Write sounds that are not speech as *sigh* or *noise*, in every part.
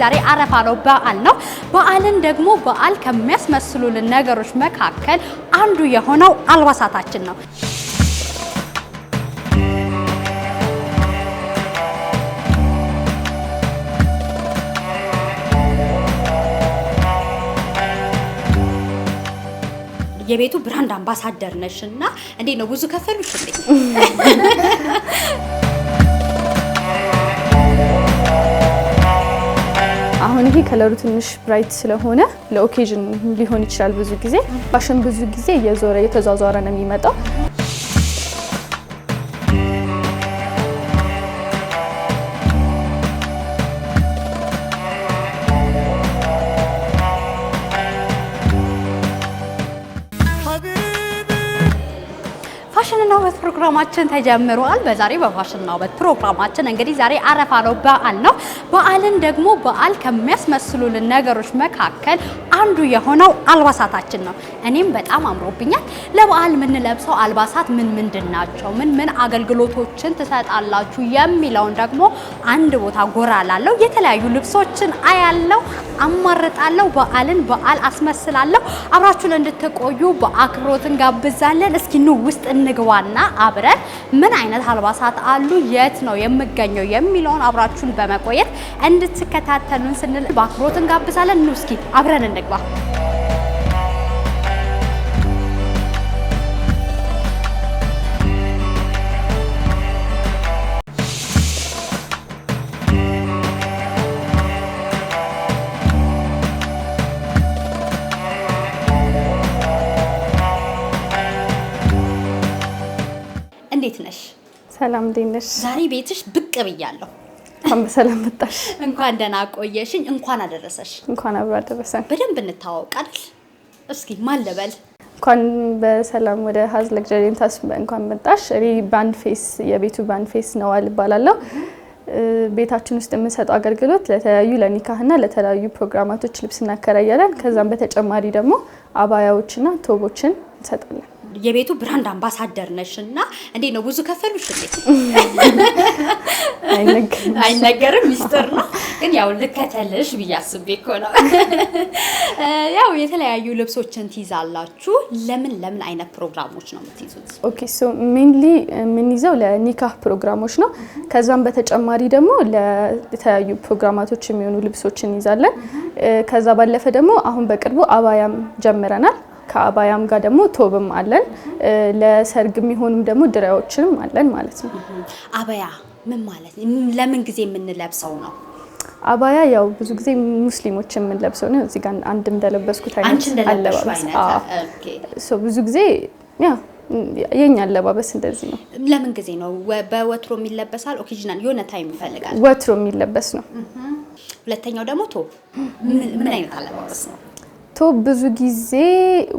ዛሬ አረፋ ነው፣ በዓል ነው። በዓልን ደግሞ በዓል ከሚያስመስሉልን ነገሮች መካከል አንዱ የሆነው አልባሳታችን ነው። የቤቱ ብራንድ አምባሳደር ነሽ እና እንዴት ነው? ብዙ ከፈሉሽ እንዴ? አሁን ይሄ ከለሩ ትንሽ ብራይት ስለሆነ ለኦኬዥን ሊሆን ይችላል። ብዙ ጊዜ ፋሽን ብዙ ጊዜ እየዞረ እየተዟዟረ ነው የሚመጣው። ፕሮግራማችን ተጀምሯል። በዛሬ በፋሽን ነው ፕሮግራማችን እንግዲህ ዛሬ አረፋ ነው፣ በዓል ነው። በዓልን ደግሞ በዓል ከሚያስመስሉልን ነገሮች መካከል አንዱ የሆነው አልባሳታችን ነው። እኔም በጣም አምሮብኛል። ለበዓል የምንለብሰው አልባሳት ምን ምንድን ናቸው፣ ምን ምን አገልግሎቶችን ትሰጣላችሁ የሚለውን ደግሞ አንድ ቦታ ጎራ ላለው የተለያዩ ልብሶችን አያለው፣ አማርጣለሁ፣ በዓልን በዓል አስመስላለሁ። አብራችሁን እንድትቆዩ በአክብሮት እንጋብዛለን። እስኪ ኑ ውስጥ እንግባና አብ ብለን ምን አይነት አልባሳት አሉ፣ የት ነው የምገኘው የሚለውን አብራችሁን በመቆየት እንድትከታተሉን ስንል በአክብሮት እንጋብዛለን። ኑ እስኪ አብረን እንግባ። ሰላም ዴነሽ። ዛሬ ቤትሽ ብቅ ብያለሁ። እንኳን በሰላም መጣሽ። እንኳን ደህና ቆየሽኝ። እንኳን አደረሰሽ። እንኳን አብሮ አደረሰን። በደንብ እንታዋወቅ እስኪ ማን ልበል? እንኳን በሰላም ወደ ሀዝ ለግጀሪንት ሀውስ እንኳን መጣሽ። እኔ ባንድ ፌስ የቤቱ ባንድ ፌስ ነዋል እባላለሁ። ቤታችን ውስጥ የምንሰጠው አገልግሎት ለተለያዩ ለኒካህና ለተለያዩ ፕሮግራማቶች ልብስ እናከራያለን። ከዛም በተጨማሪ ደግሞ አባያዎችና ቶቦችን እንሰጣለን። የቤቱ ብራንድ አምባሳደር ነሽ እና እንዴት ነው ብዙ ከፈሉሽ? አይነገርም፣ ሚስጥር ነው። ግን ያው ልከተልሽ ብዬ አስቤ እኮ ነው። *laughs* ያው የተለያዩ ልብሶችን ትይዛላችሁ። ለምን ለምን አይነት ፕሮግራሞች ነው የምትይዙት? ኦኬ ሶ ሜንሊ የምንይዘው ለኒካህ ፕሮግራሞች ነው። ከዛም በተጨማሪ ደግሞ ለተለያዩ ፕሮግራማቶች የሚሆኑ ልብሶችን እንይዛለን። ከዛ ባለፈ ደግሞ አሁን በቅርቡ አባያም ጀምረናል። ከአባያም ጋር ደግሞ ቶብም አለን። ለሰርግ የሚሆኑም ደግሞ ድሪያዎችንም አለን ማለት ነው። አባያ ምን ማለት ነው? ለምን ጊዜ የምንለብሰው ነው? አባያ ያው ብዙ ጊዜ ሙስሊሞች የምንለብሰው ነው። እዚህ ጋር አንድ እንደለበስኩት አይነት አለባበስ። ብዙ ጊዜ የኛ አለባበስ እንደዚህ ነው። ለምን ጊዜ ነው በወትሮ የሚለበሳል? ኦኬዥናል የሆነ ታይም ይፈልጋል። ወትሮ የሚለበስ ነው። ሁለተኛው ደግሞ ቶብ ምን አይነት አለባበስ ነው? ቶ ብዙ ጊዜ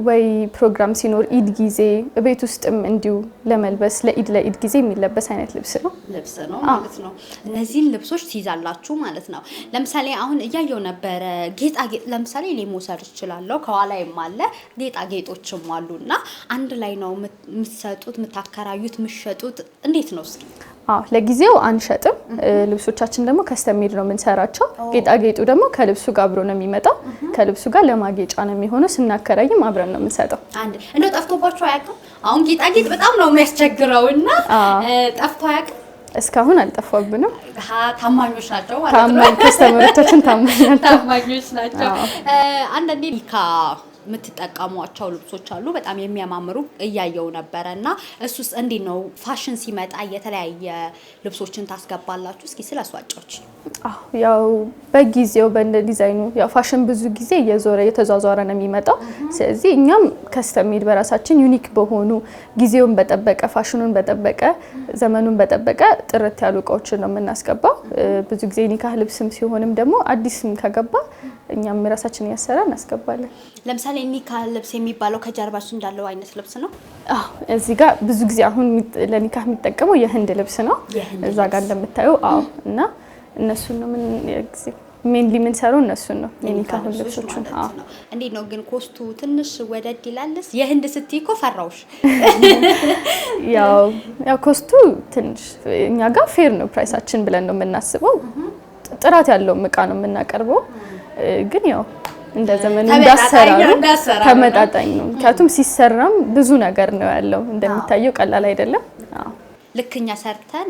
ወይ ፕሮግራም ሲኖር ኢድ ጊዜ ቤት ውስጥም እንዲሁ ለመልበስ ለኢድ ለኢድ ጊዜ የሚለበስ አይነት ልብስ ነው ልብስ ነው ማለት ነው። እነዚህን ልብሶች ትይዛላችሁ ማለት ነው። ለምሳሌ አሁን እያየው ነበረ ጌጣጌጥ፣ ለምሳሌ እኔ መውሰድ እችላለሁ። ከኋላይም አለ ጌጣጌጦችም አሉ እና አንድ ላይ ነው የምትሰጡት፣ የምታከራዩት፣ የምትሸጡት እንዴት ነው? ለጊዜው አንሸጥም። ልብሶቻችን ደግሞ ከስተሜድ ነው የምንሰራቸው። ጌጣጌጡ ደግሞ ከልብሱ ጋር አብሮ ነው የሚመጣው። ከልብሱ ጋር ለማጌጫ ነው የሚሆነው። ስናከራይም አብረን ነው የምንሰጠው። እንደው ጠፍቶባቸው አያውቅም? አሁን ጌጣጌጥ በጣም ነው የሚያስቸግረው እና ጠፍቶ አያውቅም? እስካሁን አልጠፋብንም። ታማኞች ናቸው ማለት ነው። ከስተመሮቻችን ታማኞች ናቸው። አንዳንዴ ሊካ የምትጠቀሟቸው ልብሶች አሉ በጣም የሚያማምሩ እያየው ነበረ እና እሱስ እንዴት ነው ፋሽን ሲመጣ የተለያየ ልብሶችን ታስገባላችሁ እስኪ ስለ እሷ አጫዎች ያው በጊዜው በእንደ ዲዛይኑ ያው ፋሽን ብዙ ጊዜ እየዞረ እየተዟዟረ ነው የሚመጣው። ስለዚህ እኛም ከስተም ሜድ በራሳችን ዩኒክ በሆኑ ጊዜውን በጠበቀ ፋሽኑን በጠበቀ ዘመኑን በጠበቀ ጥርት ያሉ እቃዎችን ነው የምናስገባው። ብዙ ጊዜ ኒካህ ልብስም ሲሆንም ደግሞ አዲስም ከገባ እኛም ራሳችን እያሰራ እናስገባለን። ለምሳሌ ኒካህ ልብስ የሚባለው ከጀርባችን እንዳለው አይነት ልብስ ነው። እዚህ ጋር ብዙ ጊዜ አሁን ለኒካህ የሚጠቀመው የህንድ ልብስ ነው። እዛ ጋር እንደምታዩ አዎ እና እነሱን ነው ምን ጊዜ ሜንሊ የምንሰሩ እነሱን ነው የኒካሁን ልብሶቹን። እንዴት ነው ግን ኮስቱ ትንሽ ወደድ ይላልስ? የህንድ ስትይ እኮ ፈራውሽ። *laughs* ያው ኮስቱ ትንሽ እኛ ጋር ፌር ነው ፕራይሳችን ብለን ነው የምናስበው። ጥራት ያለውም እቃ ነው የምናቀርበው። ግን ያው እንደ ዘመኑ እንዳሰራሩ ተመጣጣኝ ነው። ምክንያቱም ሲሰራም ብዙ ነገር ነው ያለው እንደሚታየው ቀላል አይደለም። ልክኛ ሰርተን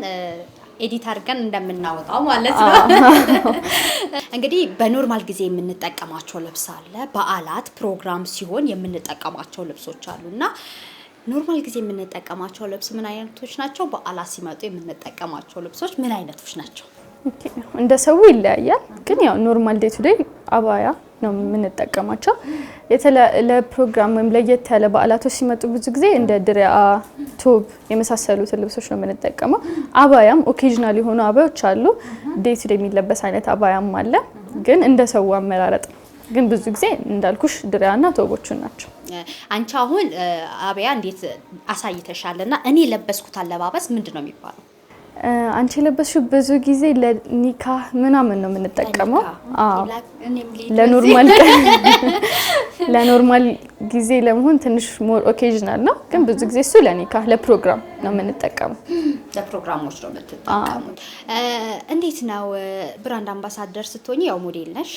ኤዲት አድርገን እንደምናወጣው ማለት ነው። *laughs* እንግዲህ በኖርማል ጊዜ የምንጠቀማቸው ልብስ አለ፣ በዓላት ፕሮግራም ሲሆን የምንጠቀማቸው ልብሶች አሉ እና ኖርማል ጊዜ የምንጠቀማቸው ልብስ ምን አይነቶች ናቸው? በዓላት ሲመጡ የምንጠቀማቸው ልብሶች ምን አይነቶች ናቸው? እንደ ሰው ይለያያል። ግን ያው ኖርማል ዴይ ቱ ዴይ አባያ ነው የምንጠቀማቸው። ለፕሮግራም ወይም ለየት ያለ በዓላቶች ሲመጡ ብዙ ጊዜ እንደ ድሪያ፣ ቶብ የመሳሰሉትን ልብሶች ነው የምንጠቀመው። አባያም ኦኬዥናል የሆኑ አባዮች አሉ። ዴይ ቱ ዴይ የሚለበስ አይነት አባያም አለ። ግን እንደ ሰው አመራረጥ ግን ብዙ ጊዜ እንዳልኩሽ ድሪያና ቶቦቹን ናቸው። አንቺ አሁን አብያ እንዴት አሳይተሻል እና እኔ ለበስኩት አለባበስ ምንድን ነው የሚባለው? አንቺ የለበስሽው ብዙ ጊዜ ለኒካህ ምናምን ነው የምንጠቀመው። ለኖርማል *laughs* *laughs* ለኖርማል ጊዜ ለመሆን ትንሽ ሞር ኦኬዥናል ነው፣ ግን ብዙ ጊዜ እሱ ለኒካ ለፕሮግራም ነው የምንጠቀመው። *clears throat* ለፕሮግራሞች ነው የምትጠቀሙት። እንዴት ነው ብራንድ አምባሳደር ስትሆኝ ያው ሞዴል ነሽ፣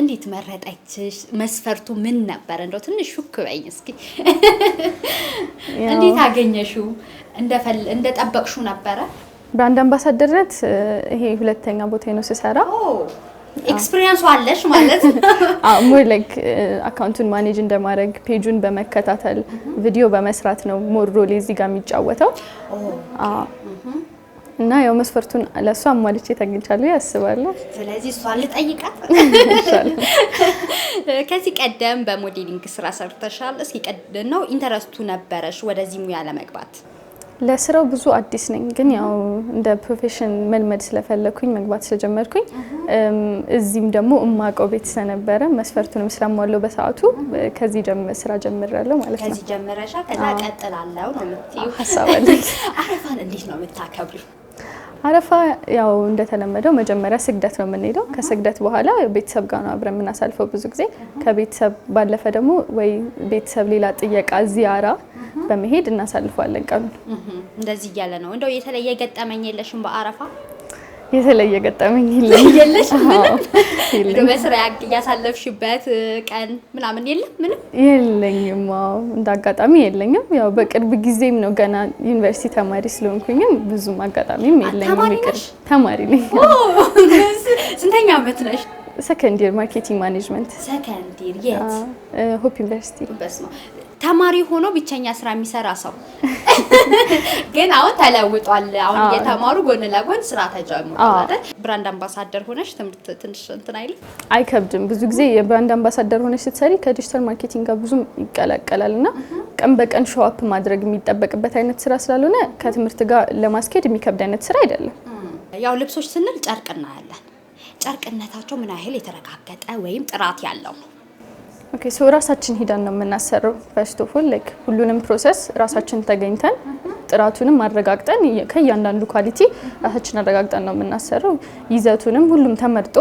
እንዴት መረጠችሽ? መስፈርቱ ምን ነበር? እንደው ትንሽ ሹክ በይኝ እስኪ። እንዴት አገኘሽው? እንደጠበቅሹ ነበረ? ብራንድ አምባሳደርነት ይሄ ሁለተኛ ቦታ ነው ስሰራ ኤክስፒሪየንሱ አለሽ ማለት *laughs* አዎ። ሞር ላይክ አካውንቱን ማኔጅ እንደማድረግ ፔጁን በመከታተል ቪዲዮ በመስራት ነው ሞር ሮል እዚህ ጋር የሚጫወተው። እና ያው መስፈርቱን ለእሷ አሟልቼ ተገኝቻለሁ ያስባለሁ። ስለዚህ እሷ ልጠይቃት። *laughs* ከዚህ ቀደም በሞዴሊንግ ስራ ሰርተሻል። እስኪ ቀደም ነው ኢንተረስቱ ነበረሽ ወደዚህ ሙያ ለመግባት? ለስራው ብዙ አዲስ ነኝ፣ ግን ያው እንደ ፕሮፌሽን መልመድ ስለፈለኩኝ መግባት ስለጀመርኩኝ እዚህም ደግሞ እማቀው ቤት ስለነበረ መስፈርቱንም ስላሟለው በሰዓቱ ከዚህ ስራ ጀምራለሁ ማለት ነው። ከዚህ ጀምረሻ ከዛ ቀጥላለው ነው የምትይው ሀሳብ አለኝ። አረፋን እንዴት ነው የምታከብሪው? አረፋ ያው እንደተለመደው መጀመሪያ ስግደት ነው የምንሄደው። ከስግደት በኋላ ቤተሰብ ጋር ነው አብረን የምናሳልፈው ብዙ ጊዜ። ከቤተሰብ ባለፈ ደግሞ ወይ ቤተሰብ ሌላ ጥየቃ፣ ዚያራ በመሄድ እናሳልፈዋለን ቀኑ። እንደዚህ እያለ ነው። እንደው የተለየ ገጠመኝ የለሽም በአረፋ? የተለየ ገጠመኝ *laughs* የለሽ? ምንም በስራ ያሳለፍሽበት ቀን ምናምን የለም? ምንም የለኝም። እንደ አጋጣሚ የለኝም። ያው በቅርብ ጊዜም ነው ገና ዩኒቨርሲቲ ተማሪ ስለሆንኩኝም ብዙም አጋጣሚም የለኝም። ተማሪ ነኝ። ስንተኛ ዓመት ነሽ? ሰከንድ ይር ማርኬቲንግ ማኔጅመንት። ሰከንድ ይር የት? ሆፕ ዩኒቨርሲቲ ተማሪ ሆኖ ብቸኛ ስራ የሚሰራ ሰው *laughs* ግን አሁን ተለውጧል። አሁን እየተማሩ ጎን ለጎን ስራ ተጀምሯል። ብራንድ አምባሳደር ሆነሽ ትምህርት ትንሽ እንትን አይልም፣ አይከብድም። ብዙ ጊዜ የብራንድ አምባሳደር ሆነሽ ስትሰሪ ከዲጂታል ማርኬቲንግ ጋር ብዙም ይቀላቀላል እና ቀን በቀን ሾዋፕ ማድረግ የሚጠበቅበት አይነት ስራ ስላልሆነ ከትምህርት ጋር ለማስኬድ የሚከብድ አይነት ስራ አይደለም። ያው ልብሶች ስንል ጨርቅ እናያለን። ጨርቅነታቸው ምን ያህል የተረጋገጠ ወይም ጥራት ያለው ነው ኦኬ ሶ ራሳችን ሂደን ነው የምናሰራው። ፈርስት ኦፍ ኦል ላይክ ሁሉንም ፕሮሰስ ራሳችን ተገኝተን ጥራቱንም አረጋግጠን ከእያንዳንዱ ኳሊቲ ራሳችን አረጋግጠን ነው የምናሰራው። ይዘቱንም ሁሉም ተመርጦ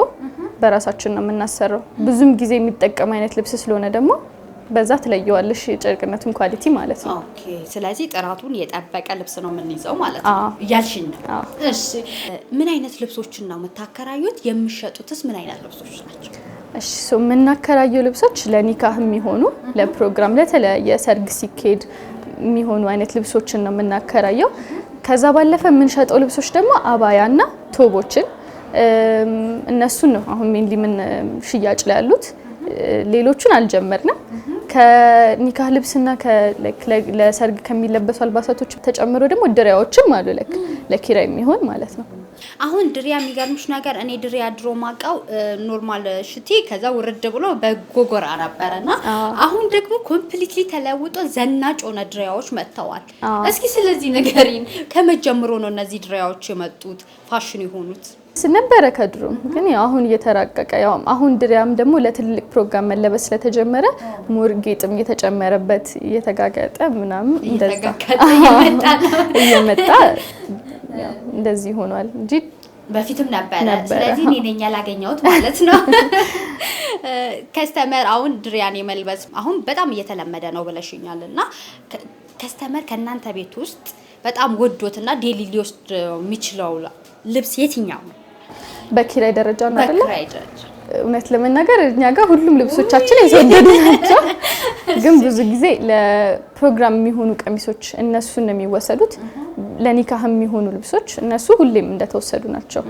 በራሳችን ነው የምናሰራው። ብዙም ጊዜ የሚጠቀም አይነት ልብስ ስለሆነ ደግሞ በዛ ትለየዋለሽ የጨርቅነቱን ኳሊቲ ማለት ነው። ኦኬ ስለዚህ ጥራቱን የጠበቀ ልብስ ነው የምንይዘው ማለት ነው እያልሽኝ ነው። እሺ ምን አይነት ልብሶችን ነው የምታከራዩት? የሚሸጡትስ ምን አይነት ልብሶች ናቸው? እሺ ሰው የምናከራየው ልብሶች ለኒካህ የሚሆኑ ለፕሮግራም፣ ለተለያየ ሰርግ ሲካሄድ የሚሆኑ አይነት ልብሶችን ነው የምናከራየው። ከዛ ባለፈ የምንሸጠው ልብሶች ደግሞ አባያና ቶቦችን እነሱን ነው አሁን ሜንሊ ምን ሽያጭ ላይ ያሉት። ሌሎቹን አልጀመርንም። ከኒካህ ልብስና ለሰርግ ከሚለበሱ አልባሳቶች ተጨምሮ ደግሞ ድሪያዎችም አሉ ለክ ለኪራይ የሚሆን ማለት ነው። አሁን ድሪያ የሚገርምሽ ነገር እኔ ድሪያ ድሮ ማቀው ኖርማል ሽቲ ከዛ ውርድ ብሎ በጎጎራ ነበረ እና አሁን ደግሞ ኮምፕሊትሊ ተለውጦ ዘናጭ ሆነ ድሪያዎች መጥተዋል። እስኪ ስለዚህ ነገሪን ከመጀመሩ ነው እነዚህ ድሪያዎች የመጡት ፋሽን የሆኑት? ነበረ ከድሮም ግን አሁን እየተራቀቀ ያው አሁን ድሪያም ደግሞ ለትልቅ ፕሮግራም መለበስ ስለተጀመረ ሞር ጌጥም እየተጨመረበት እየተጋገጠ ምናምን እንደዛ እየመጣ *laughs* እንደዚህ ሆኗል እንጂ በፊትም ነበረ። ስለዚህ እኔ ነኝ ያላገኘሁት ማለት ነው። ከስተመር አሁን ድሪያን የመልበስ አሁን በጣም እየተለመደ ነው ብለሽኛል እና ከስተመር ከእናንተ ቤት ውስጥ በጣም ወዶትና ዴሊ ሊወስድ የሚችለው ልብስ የትኛው ነው? በኪራይ ደረጃ ነው አይደለ? እውነት ለመናገር እኛ ጋር ሁሉም ልብሶቻችን የተወደዱ ናቸው፣ ግን ብዙ ጊዜ ለፕሮግራም የሚሆኑ ቀሚሶች እነሱን ነው የሚወሰዱት። ለኒካህ የሚሆኑ ልብሶች እነሱ ሁሌም እንደተወሰዱ ናቸው።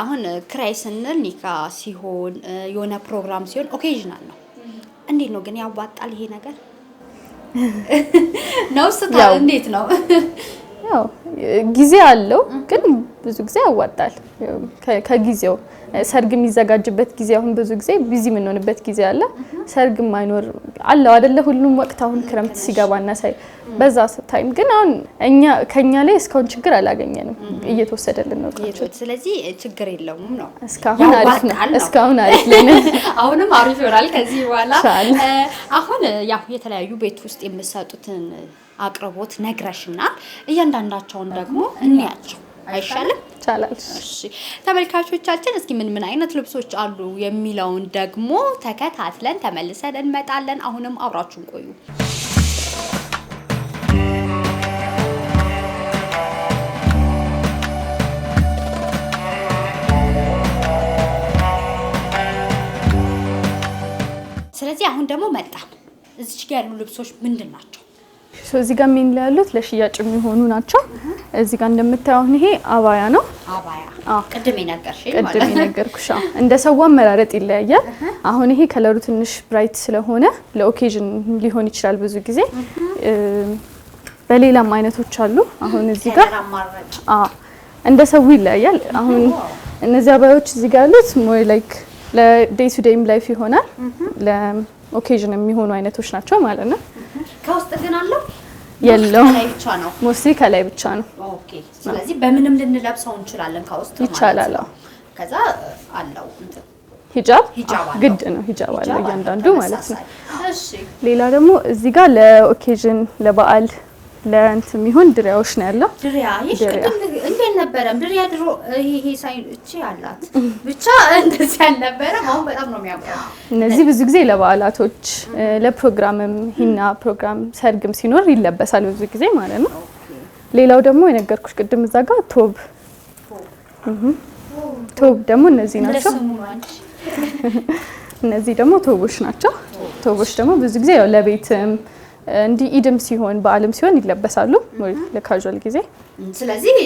አሁን ክራይ ስንል ኒካ ሲሆን የሆነ ፕሮግራም ሲሆን ኦኬዥናል ነው። እንዴት ነው ግን ያዋጣል ይሄ ነገር *laughs* ነው? ስታ እንዴት ነው? ያው ጊዜ አለው፣ ግን ብዙ ጊዜ ያዋጣል ከጊዜው ሰርግ የሚዘጋጅበት ጊዜ አሁን ብዙ ጊዜ ቢዚ የምንሆንበት ጊዜ አለ። ሰርግ ማይኖር አለው አይደለ? ሁሉም ወቅት አሁን ክረምት ሲገባና ሳይ በዛ ታይም ግን አሁን እኛ ከኛ ላይ እስካሁን ችግር አላገኘንም፣ እየተወሰደልን ነው። ስለዚህ ችግር የለውም ነው እስካሁን አሪፍ ነው። እስካሁን አሪፍ ነን። *laughs* አሁንም አሪፍ ይሆናል ከዚህ በኋላ። አሁን ያው የተለያዩ ቤት ውስጥ የምሰጡትን አቅርቦት ነግረሽናል። እያንዳንዳቸውን ደግሞ እንያቸው አይሻልም? እሺ ተመልካቾቻችን፣ እስኪ ምን ምን አይነት ልብሶች አሉ የሚለውን ደግሞ ተከታትለን ተመልሰን እንመጣለን። አሁንም አብራችሁን ቆዩ። ስለዚህ አሁን ደግሞ መጣ እዚች ጋር ያሉ ልብሶች ምንድን ናቸው? እዚህ ጋር ሜን ላይ ያሉት ለሽያጭ የሚሆኑ ናቸው። እዚህ ጋር እንደምታየው ይሄ አባያ ነው። ቅድም የነገርኩሽ እንደ ሰው አመራረጥ ይለያያል። አሁን ይሄ ከለሩ ትንሽ ብራይት ስለሆነ ለኦኬዥን ሊሆን ይችላል ብዙ ጊዜ። በሌላም አይነቶች አሉ። አሁን እዚህ ጋር እንደ ሰው ይለያያል። አሁን እነዚህ አባያዎች እዚህ ጋር ያሉት ሞር ላይክ ለዴይ ቱ ዴይም ላይፍ ይሆናል። ለኦኬዥን የሚሆኑ አይነቶች ናቸው ማለት ነው። ከውስጥ ግን አለው የለውም። ሙስሊ ከላይ ብቻ ነው። ኦኬ። ስለዚህ በምንም ልንለብሰው እንችላለን ከውስጥ ይቻላል። ከዛ አለው ሂጃብ ግድ ነው። ሂጃብ አለ እያንዳንዱ ማለት ነው። እሺ። ሌላ ደግሞ እዚህ ጋር ለኦኬዥን ለበዓል ለእንትን የሚሆን ድሪያዎች ነው ያለው። ድሪያ አልነበረም። ድሬ ድሮ ይሄ ሳይን እቺ አላት ብቻ እንደዚህ አልነበረም። አሁን በጣም ነው የሚያምረው። እነዚህ ብዙ ጊዜ ለበዓላቶች፣ ለፕሮግራምም ሂና ፕሮግራም፣ ሰርግም ሲኖር ይለበሳል ብዙ ጊዜ ማለት ነው። ሌላው ደግሞ የነገርኩሽ ቅድም እዛ ጋር ቶብ ቶብ ደግሞ እነዚህ ናቸው። እነዚህ ደግሞ ቶቦች ናቸው። ቶቦች ደግሞ ብዙ ጊዜ ያው ለቤትም እንዲህ ኢድም ሲሆን በዓልም ሲሆን ይለበሳሉ ለካዥዋል ጊዜ ስለዚህ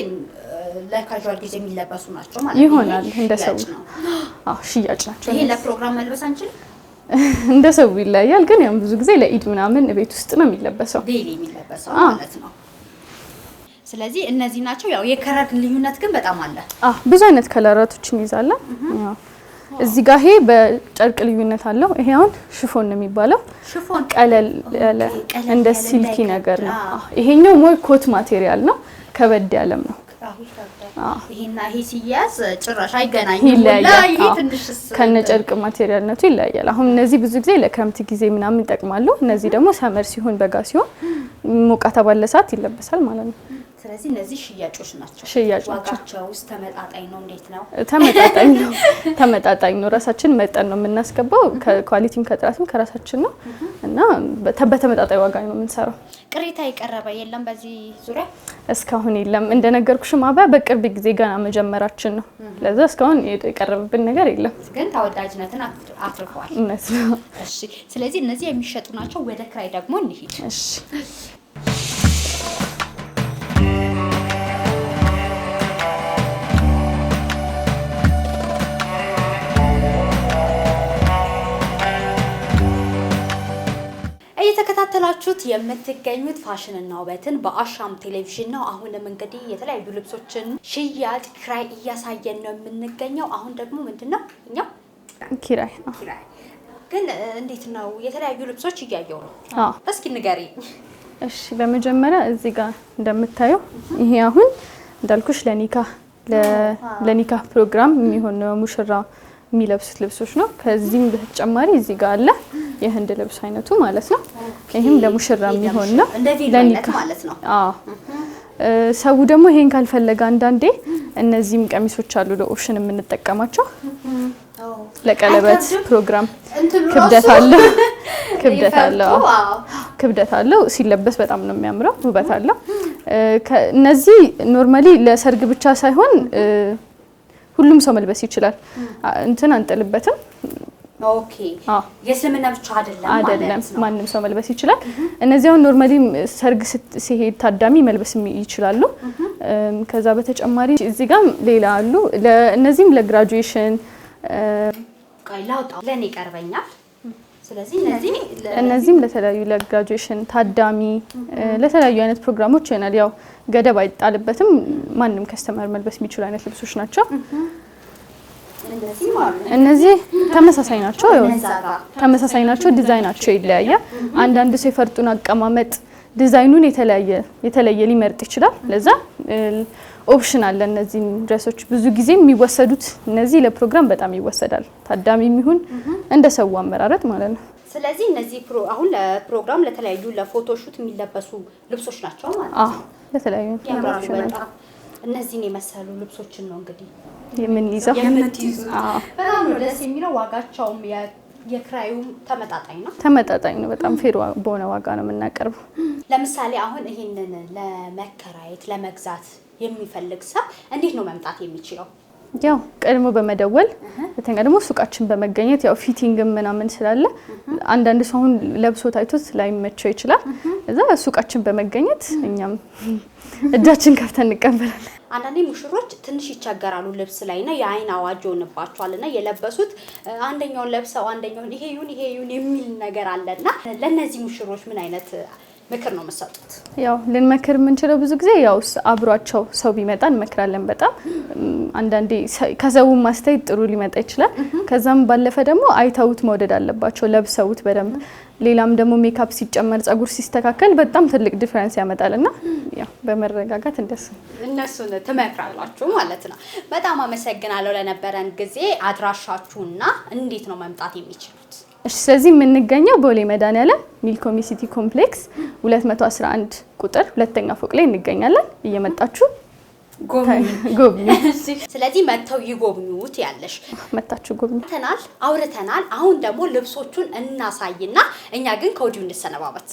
ለካዥዋል ጊዜ የሚለበሱ ናቸው ማለት ይሆናል። እንደ ሰው አዎ፣ ሽያጭ ናቸው። ይሄ ለፕሮግራም መልበስ አንችል *laughs* እንደ ሰው ይለያል። ግን ያም ብዙ ጊዜ ለኢድ ምናምን ቤት ውስጥ ነው የሚለበሰው ዴይሊ የሚለበሰው ማለት ነው። ስለዚህ እነዚህ ናቸው። ያው የከለር ልዩነት ግን በጣም አለ። ብዙ አይነት ከለራቶች እንይዛለን። እዚህ ጋር ይሄ በጨርቅ ልዩነት አለው። ይሄ አሁን ሽፎን ነው የሚባለው። ቀለል ያለ እንደ ሲልኪ ነገር ነው። ይሄኛው ሞይ ኮት ማቴሪያል ነው፣ ከበድ ያለም ነው። ይሄ ሲያዝ ጭራሽ አይገናኝም፣ ከነ ጨርቅ ማቴሪያልነቱ ይለያያል። አሁን እነዚህ ብዙ ጊዜ ለክረምት ጊዜ ምናምን ይጠቅማሉ። እነዚህ ደግሞ ሰመር ሲሆን፣ በጋ ሲሆን ሞቃታ ባለ ሰዓት ይለበሳል ማለት ነው። ስለዚህ እነዚህ ሽያጮች ናቸው። ዋጋቸው ውስጥ ተመጣጣኝ ነው። እንዴት ነው? ተመጣጣኝ ነው፣ *laughs* ተመጣጣኝ ነው። ራሳችን መጠን ነው የምናስገባው። ከኳሊቲም ከጥራትም ከራሳችን ነው እና በተመጣጣኝ ዋጋ ነው የምንሰራው። ቅሬታ የቀረበ የለም በዚህ ዙሪያ እስካሁን የለም። እንደነገርኩሽ ማበያ በቅርብ ጊዜ ገና መጀመራችን ነው። ለዛ እስካሁን የቀረበብን ነገር የለም፣ ግን ተወዳጅነትን አትርፈዋል። እውነት ስለዚህ እነዚህ የሚሸጡ ናቸው። ወደ ክራይ ደግሞ እንሂድ። እሺ የተከታተላችሁት የምትገኙት ፋሽንና ውበትን በአሻም ቴሌቪዥን ነው። አሁንም እንግዲህ የተለያዩ ልብሶችን ሽያጭ፣ ኪራይ እያሳየን ነው የምንገኘው። አሁን ደግሞ ምንድን ነው እኛው ኪራይ ነው። ግን እንዴት ነው የተለያዩ ልብሶች እያየው ነው። እስኪ ንገሪ። እሺ፣ በመጀመሪያ እዚህ ጋር እንደምታየው ይሄ አሁን እንዳልኩሽ ለኒካ ለኒካ ፕሮግራም የሚሆን ሙሽራ የሚለብሱት ልብሶች ነው። ከዚህም በተጨማሪ እዚህ ጋር አለ የህንድ ልብስ አይነቱ ማለት ነው። ይህም ለሙሽራ የሚሆን ነው ለኒካ ማለት ነው። ሰው ደግሞ ይሄን ካልፈለገ አንዳንዴ እነዚህም ቀሚሶች አሉ ለኦፕሽን የምንጠቀማቸው ለቀለበት ፕሮግራም ክብደት አለው *laughs* ክብደት አለው ክብደት አለው ሲለበስ በጣም ነው የሚያምረው፣ ውበት አለው። እነዚህ ኖርማሊ ለሰርግ ብቻ ሳይሆን ሁሉም ሰው መልበስ ይችላል። እንትን አንጠልበትም። ኦኬ የእስልምና ብቻ አይደለም አይደለም፣ ማንም ሰው መልበስ ይችላል። እነዚህ ኖርማሊ ሰርግ ሲሄድ ታዳሚ መልበስ ይችላሉ። ከዛ በተጨማሪ እዚህ ጋር ሌላ አሉ። እነዚህም ለግራጁዌሽን ለእኔ ይቀርበኛል እነዚህም ለተለያዩ ለግራጁዌሽን ታዳሚ ለተለያዩ አይነት ፕሮግራሞች ይሆናል። ያው ገደብ አይጣልበትም። ማንም ከስተመር መልበስ የሚችሉ አይነት ልብሶች ናቸው። እነዚህ ተመሳሳይ ናቸው፣ ተመሳሳይ ናቸው። ዲዛይናቸው ይለያያል። አንዳንድ ሰው የፈርጡን አቀማመጥ ዲዛይኑን የተለየ ሊመርጥ ይችላል። ለዛ ኦፕሽን አለ። እነዚህ ድረሶች ብዙ ጊዜ የሚወሰዱት እነዚህ ለፕሮግራም በጣም ይወሰዳል። ታዳሚ የሚሆን እንደ ሰው አመራረት ማለት ነው። ስለዚህ እነዚህ አሁን ለፕሮግራም ለተለያዩ ለፎቶሹት የሚለበሱ ልብሶች ናቸው ማለት ነው። ለተለያዩ እነዚህን የመሰሉ ልብሶችን ነው እንግዲህ የምንይዘው። በጣም ደስ የሚለው ዋጋቸውም የክራዩም ተመጣጣኝ ነው። ተመጣጣኝ ነው። በጣም ፌር በሆነ ዋጋ ነው የምናቀርበው። ለምሳሌ አሁን ይህንን ለመከራየት ለመግዛት የሚፈልግ ሰው እንዴት ነው መምጣት የሚችለው? ያው ቀድሞ በመደወል ሁለተኛ ደግሞ ሱቃችን በመገኘት ያው ፊቲንግ ምናምን ስላለ አንዳንድ ሰው አሁን ለብሶ ታይቶት ላይመቸው ይችላል። እዛ ሱቃችን በመገኘት እኛም እጃችን ከፍተን እንቀበላለን። አንዳንዴ ሙሽሮች ትንሽ ይቸገራሉ ልብስ ላይና የአይን አዋጅ ና የለበሱት አንደኛውን ለብሰው አንደኛውን ይሄ ይሁን ይሄ ይሁን የሚል ነገር አለና ለእነዚህ ሙሽሮች ምን አይነት ምክር ነው የምትሰጡት? ያው ልንመክር የምንችለው ብዙ ጊዜ ያው አብሯቸው ሰው ቢመጣ እንመክራለን። በጣም አንዳንዴ ከሰው ማስተያየት ጥሩ ሊመጣ ይችላል። ከዛም ባለፈ ደግሞ አይተውት መውደድ አለባቸው፣ ለብሰውት በደንብ ሌላም ደግሞ ሜካፕ ሲጨመር ጸጉር ሲስተካከል በጣም ትልቅ ዲፍረንስ ያመጣል እና በመረጋጋት እንደሱ እነሱን ትመክራላችሁ ማለት ነው። በጣም አመሰግናለሁ ለነበረን ጊዜ። አድራሻችሁና እንዴት ነው መምጣት የሚችሉት? እሺ ስለዚህ የምንገኘው ቦሌ መድኃኒዓለም ሚልኮሚ ሲቲ ኮምፕሌክስ 211 ቁጥር ሁለተኛ ፎቅ ላይ እንገኛለን። እየመጣችሁ ጎብኙ። *laughs* ስለዚህ መጥተው ይጎብኙት ያለሽ መታችሁ ጎብኙ። ተናል አውርተናል። አሁን ደግሞ ልብሶቹን እናሳይና እኛ ግን ከወዲሁ እንሰነባበት።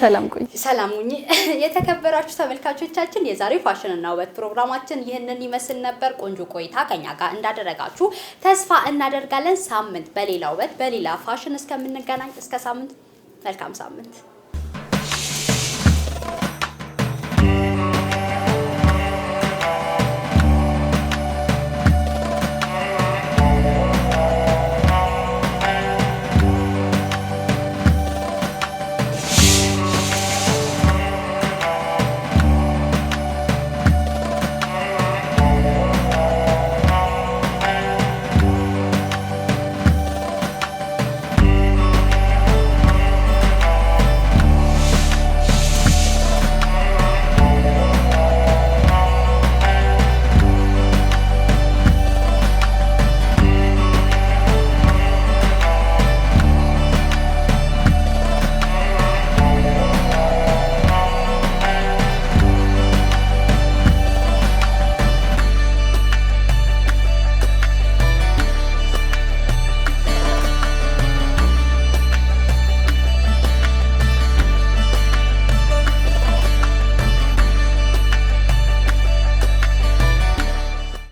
ሰላም ቆይ፣ ሰላም *laughs* የተከበራችሁ ተመልካቾቻችን የዛሬው ፋሽን እና ውበት ፕሮግራማችን ይህንን ይመስል ነበር። ቆንጆ ቆይታ ከኛ ጋር እንዳደረጋችሁ ተስፋ እናደርጋለን። ሳምንት በሌላ ውበት በሌላ ፋሽን እስከምንገናኝ እስከ ሳምንት መልካም ሳምንት